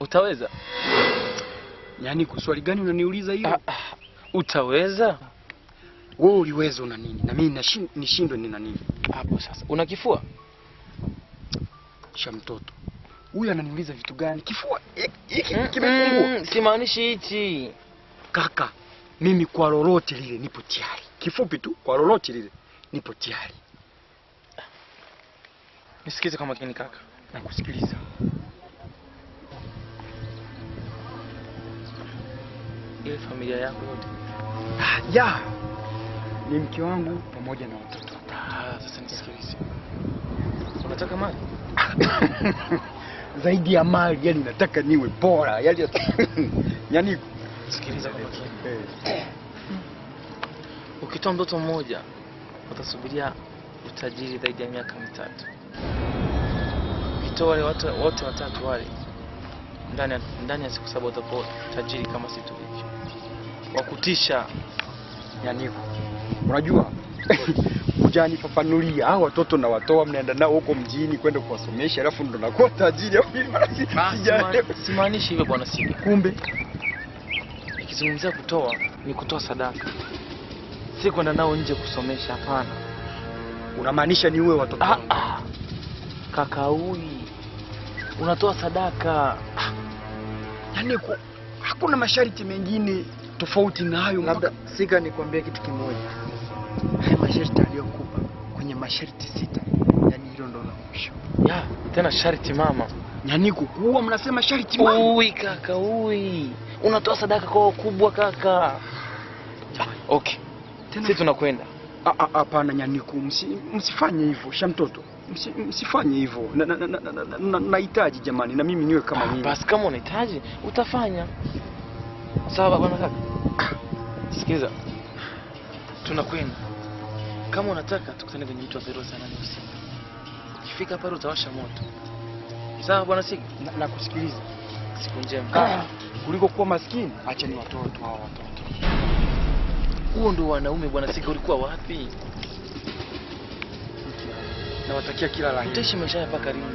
Utaweza? Yaani swali gani unaniuliza hiyo? Ah, ah, Utaweza? Wewe uliweza una nini? Na mimi nishindwe nina nini? Hapo sasa. Una kifua? Sha mtoto. Huyu ananiuliza vitu gani? Kifua eh, hiki kimepungua. Mm, simaanishi hichi. Kaka, mimi kwa lolote lile nipo tayari. Kifupi tu, kwa lolote lile nipo tayari. Nisikize kwa makini kaka. Nakusikiliza. ile familia yako yote? Ah, ya Ni mke wangu pamoja na watoto. Ah, sasa nisikilize. Unataka mali? Zaidi ya mali, yani nataka niwe bora. Yaani yani sikiliza kwa makini. Eh. Ukitoa mtoto mmoja utasubiria utajiri zaidi ya miaka mitatu. Ukitoa wale watu wote watatu wale ndani ya siku saba utakuwa tajiri kama si tulivyo. Wakutisha yaniko, unajua kujanifafanulia watoto na watoa mnaenda nao huko mjini kwenda kuwasomesha, alafu ndo nakuwa tajiri. Ah, simaanishi hivyo bwana Sidi. Kumbe ikizungumzia kutoa ni kutoa sadaka, si kwenda nao nje kusomesha. Hapana, unamaanisha ni uwe watoto ah, ah. Kaka huyu unatoa sadaka, yaani ku, hakuna masharti mengine tofauti na hayo. Labda sika nikwambie kitu kimoja, haya masharti aliyokupa kwenye masharti sita, yani hilo ndo la mwisho. Ya tena sharti mama Nyaniku, huwa mnasema sharti mama. Ui kaka, ui unatoa sadaka kwa wakubwa kaka. Okay, sisi tunakwenda. Hapana Nyaniku, msifanye msi hivyo sha mtoto msifanye hivyo, nahitaji jamani, na mimi niwe kama mimi. Ah, basi kama unahitaji utafanya. Sawa bwana kaka, sikiza, tunakwenda. Kama unataka tukutane kwenye mtu wa Peru sana ni usiku, ukifika pale utawasha moto. Sawa bwana Sigi, nakusikiliza. siku njema kuliko kuwa maskini, acha ni watoto hao watoto. Huo ndio wanaume bwana Sigi, ulikuwa wapi? Nawatakia kila la heri. Mteshi maisha hapa karibu.